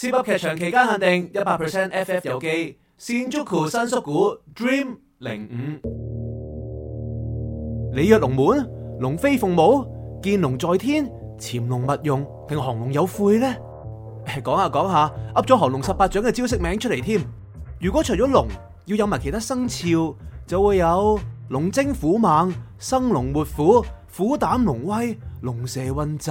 Zip 噏劇場期間限定一百 percent FF 遊記，Shinjuku 新宿故 Dream 零五。鯉躍龍門，龍飛鳳舞，見龍在天，潛龍勿用，定降龍有悔呢？講下講下，噏咗降龍十八掌嘅招式名出嚟添。如果除咗龍，要有埋其他生肖，就會有龍精虎猛、生龍活虎、虎膽龍威、龍蛇混集。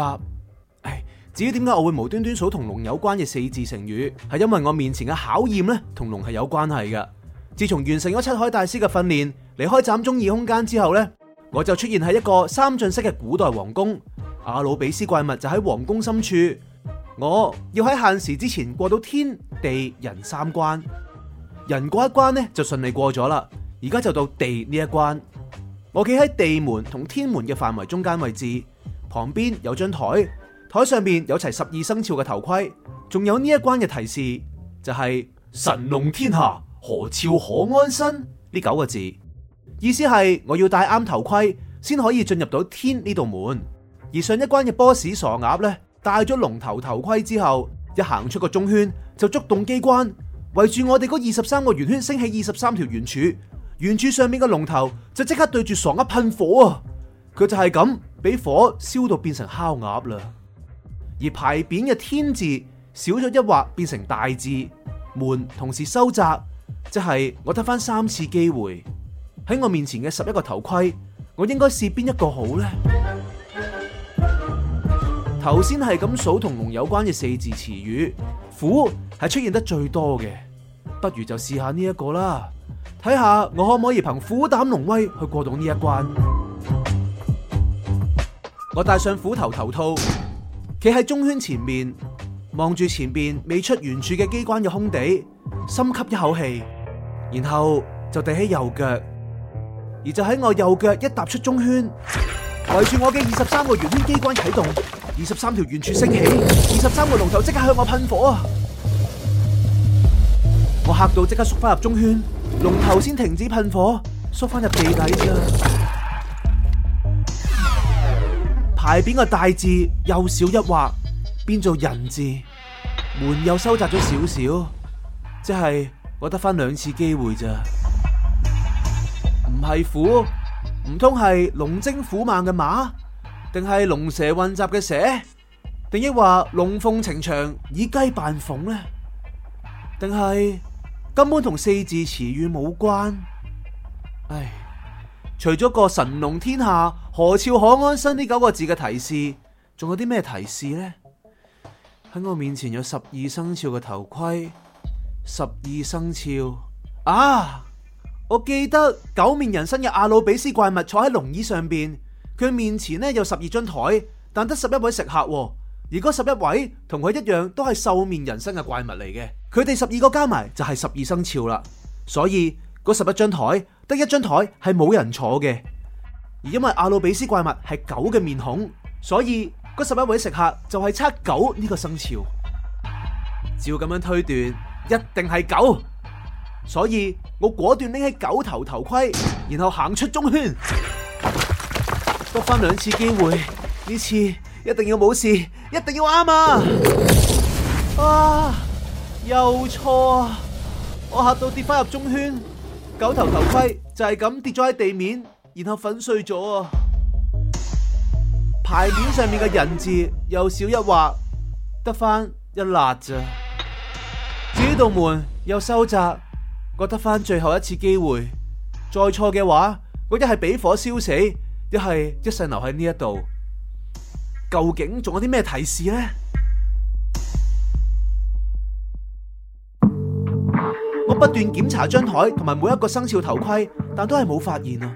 至於點解我會無端端數同龍有關嘅四字成語，係因為我面前嘅考驗咧，同龍係有關係嘅。自從完成咗七海大師嘅訓練，離開斬鐘異空間之後咧，我就出現喺一個三進式嘅古代皇宮。阿努比斯怪物就喺皇宮深處。我要喺限時之前過到天地人三關。人嗰一關咧就順利過咗啦，而家就到地呢一關。我企喺地門同天門嘅範圍中間位置，旁邊有張台。枱上面有齊十二生肖嘅頭盔，仲有呢一關嘅提示就係、是、辰龍天下，何肖可安身呢九個字，意思係我要戴啱頭盔先可以進入到天呢度門。而上一關嘅 boss 傻鴨呢，戴咗龍頭頭盔之後，一行出個中圈就觸動機關，圍住我哋嗰二十三個圓圈升起二十三條圓柱，圓柱上面嘅龍頭就即刻對住傻鴨噴火啊！佢就係咁俾火燒到變成烤鴨啦。而牌匾嘅天字少咗一畫，變成大字，門同時收窄，即係我得返三次機會。喺我面前嘅十一個頭盔，我應該試邊一個好呢？頭先係咁數同龍有關嘅四字詞語，虎係出現得最多嘅，不如就試下呢一個啦，睇下我可唔可以憑虎膽龍威去過到呢一關。我戴上虎頭頭套。企喺中圈前面，望住前面未出圓柱嘅機關嘅空地，深吸一口氣，然後就遞起右腳。而就喺我右腳一踏出中圈，圍住我嘅二十三個圓圈機關啟動，二十三條圓柱升起，二十三個龍頭即刻向我噴火啊！我嚇到即刻縮翻入中圈，龍頭先停止噴火，縮翻入地底。大邊個大字又少一畫，變做人字。門又收窄咗少少，即係我得翻兩次機會咋。唔係虎？唔通係龍精虎猛嘅馬？定係龍蛇混雜嘅蛇？定抑或龍鳳呈祥以雞扮鳳呢？定係根本同四字詞語冇關？唉。除咗個「辰龍天下，何肖可安身？」呢九個字嘅提示，仲有啲咩提示呢？喺我面前有十二生肖嘅頭盔，十二生肖啊！我記得狗面人身嘅阿努比斯怪物坐喺龍椅上邊，佢面前呢有十二張台，但得十一位食客，而嗰十一位同佢一樣都係獸面人身嘅怪物嚟嘅，佢哋十二個加埋就係十二生肖啦，所以。嗰十一張枱，得一張枱係冇人坐嘅，而因為阿努比斯怪物係狗嘅面孔，所以嗰十一位食客就係差狗呢個生肖。照咁樣推斷，一定係狗，所以我果斷拎起狗頭頭盔，然後行出中圈，得返兩次機會，呢次一定要冇事，一定要啱啊！啊，又錯，我吓到跌返入中圈。狗頭頭盔就係咁跌咗喺地面，然後粉碎咗啊！牌匾上面嘅人字又少一畫，得翻一捺咋。這道門又收窄，我得翻最後一次機會，再錯嘅話，我一係俾火燒死，一係一世留喺呢一度。究竟仲有啲咩提示呢？不斷檢查張台同埋每一個生肖頭盔，但都係冇發現啊！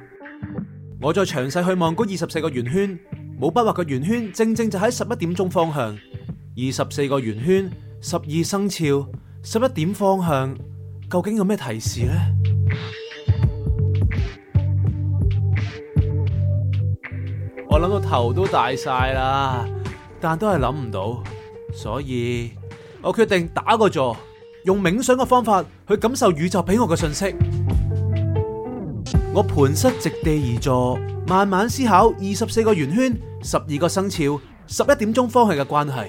我再詳細去望嗰二十四個圓圈，冇筆畫嘅圓圈正正就喺十一點鐘方向。二十四個圓圈，十二生肖，十一點方向，究竟有咩提示呢？我諗到頭都大晒啦，但都係諗唔到，所以我決定打個座。用冥想嘅方法去感受宇宙俾我嘅信息。我盤膝席地而坐，慢慢思考二十四個圓圈、十二個生肖、十一點鐘方向嘅關係。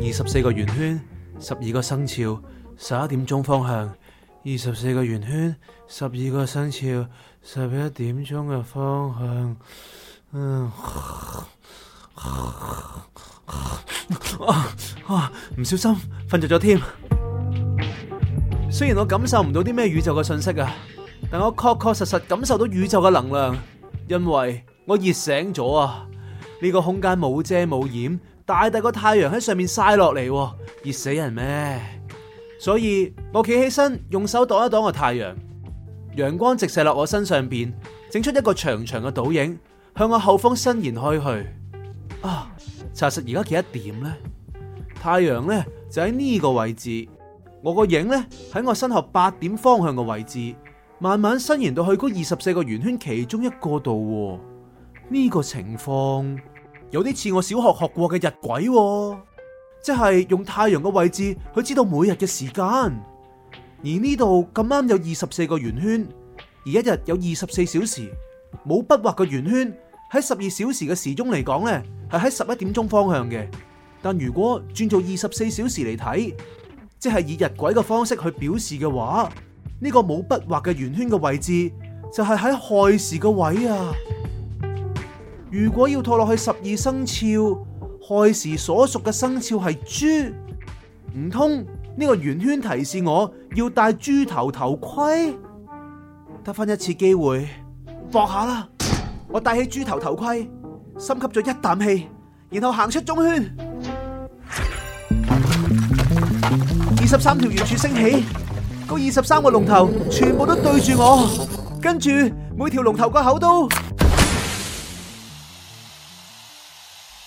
二十四個圓圈、十二個生肖、十一點鐘方向。二十四個圓圈、十二個生肖、十一點鐘嘅方向。嗯。 唔小心瞓着咗添。雖然我感受唔到啲咩宇宙嘅信息啊，但我確確實實感受到宇宙嘅能量，因為我熱醒咗啊。呢個空間冇遮冇掩，大大個太陽喺上面曬落嚟，熱死人咩？所以我企起身，用手擋一擋個太陽。陽光直射落我身上邊，整出一個長長嘅倒影，向我後方伸延開去。查實而家幾多點呢？太陽呢就喺呢個位置，我個影呢喺我身後八點方向嘅位置，慢慢伸延到去嗰二十四個圓圈其中一個度。呢個情況有啲似我小學學過嘅日晷喎，即係用太陽嘅位置去知道每日嘅時間。而呢度咁啱有二十四個圓圈，而一日有二十四小時，冇筆畫嘅圓圈。喺十二小時嘅時鐘嚟講呢係喺十一點鐘方向嘅。但如果轉做二十四小時嚟睇，即係以日晷嘅方式去表示嘅話，呢個冇筆畫嘅圓圈嘅位置就係喺亥時個位啊。如果要套落去十二生肖，亥時所屬嘅生肖係豬。唔通呢個圓圈提示我要戴豬頭頭盔？得返一次機會，放下啦。我戴起豬頭頭盔，深吸咗一啖氣，然後行出中圈。二十三條圓柱升起，嗰二十三個龍頭全部都對住我，跟住每條龍頭個口都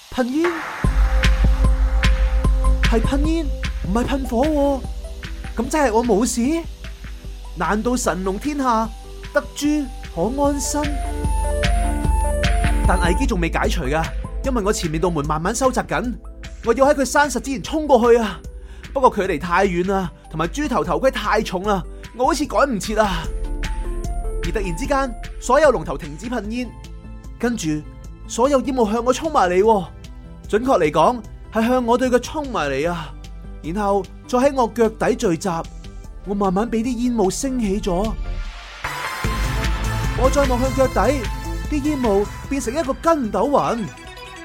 噴煙，係噴煙，唔係噴火。咁即係我冇事？難道辰龍天下得豬可安身？但危機仲未解除㗎，因為我前面道門慢慢收窄緊，我要喺佢閂實之前衝過去啊！不過距離太遠啦，同埋豬頭頭盔太重啦，我好似趕唔切啊！而突然之間，所有龍頭停止噴煙，跟住所有煙霧向我衝埋嚟，準確嚟講係向我對腳衝埋嚟啊！然後再喺我腳底聚集，我慢慢俾啲煙霧升起咗，我再望向腳底。啲煙霧變成一個筋斗雲，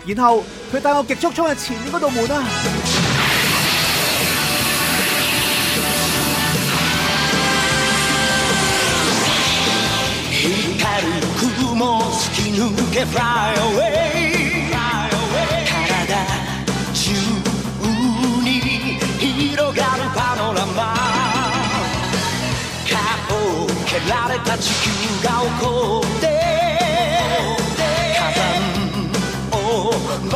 然後佢帶我極速衝向前面嗰道門啊！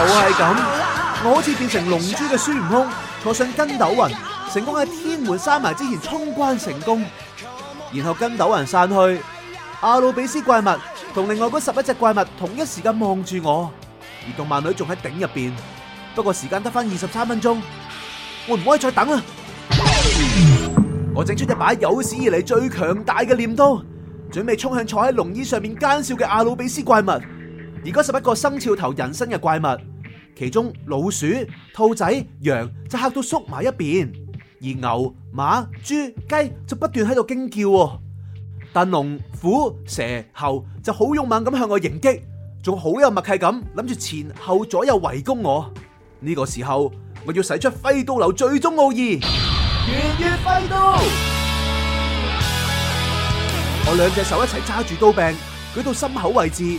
就係咁，我好似變成龍珠嘅孫悟空，坐上筋斗雲，成功喺天門閂埋之前衝關成功，然後筋斗雲散去。阿努比斯怪物同另外嗰十一隻怪物同一時間望住我，而動漫女仲喺頂入邊，不過時間得返二十三分鐘，我唔可以再等啦。我整出一把有史以嚟最強大嘅鐮刀，準備衝向坐喺龍椅上面奸笑嘅阿努比斯怪物。而家十一個生肖頭人生嘅怪物，其中老鼠、兔仔、羊就嚇到縮埋一邊，而牛、馬、豬、雞就不斷喺度驚叫。但龍、虎、蛇、猴就好勇猛咁向我迎擊，仲好有默契咁諗住前後左右圍攻我。呢個時候，我要使出飛刀流最終奧義，圓月飛刀。我兩隻手一齊揸住刀柄，舉到心口位置。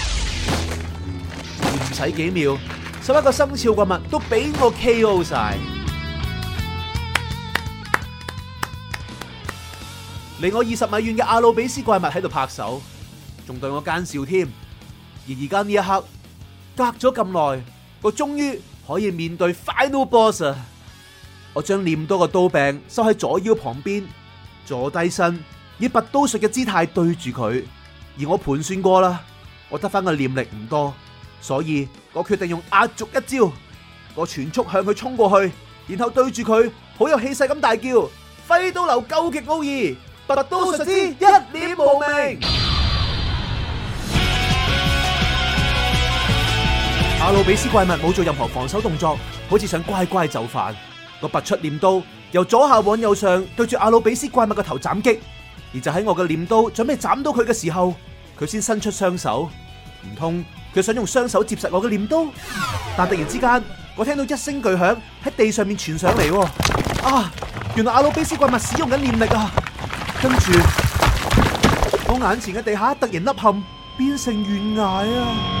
睇幾秒，十一個生肖怪物都俾我 K.O. 晒，離我二十米遠嘅阿努比斯怪物喺度拍手，仲對我奸笑添。而而家呢一刻，隔咗咁耐，我終於可以面對 Final Boss。我將念多個刀柄收喺左腰旁邊，坐低身以拔刀術嘅姿態對住佢。而我盤算過啦，我得返嘅念力唔多。所以，我決定用壓軸一招，我全速向佢衝過去，然後對住佢，好有氣勢咁大叫：揮刀流究極奧義，拔刀術之一臉無名。阿努比斯怪物冇做任何防守動作，好似想乖乖就範。我拔出鐮刀，由左下往右上對住阿努比斯怪物嘅頭斬擊。而就喺我嘅鐮刀準備斬到佢嘅時候，佢先伸出雙手，唔通？佢想用雙手接實我嘅念刀，但突然之間，我聽到一聲巨響喺地上面傳上嚟。啊！原來阿努比斯怪物使用緊念力啊！跟住我眼前嘅地下突然凹陷，變成懸崖啊！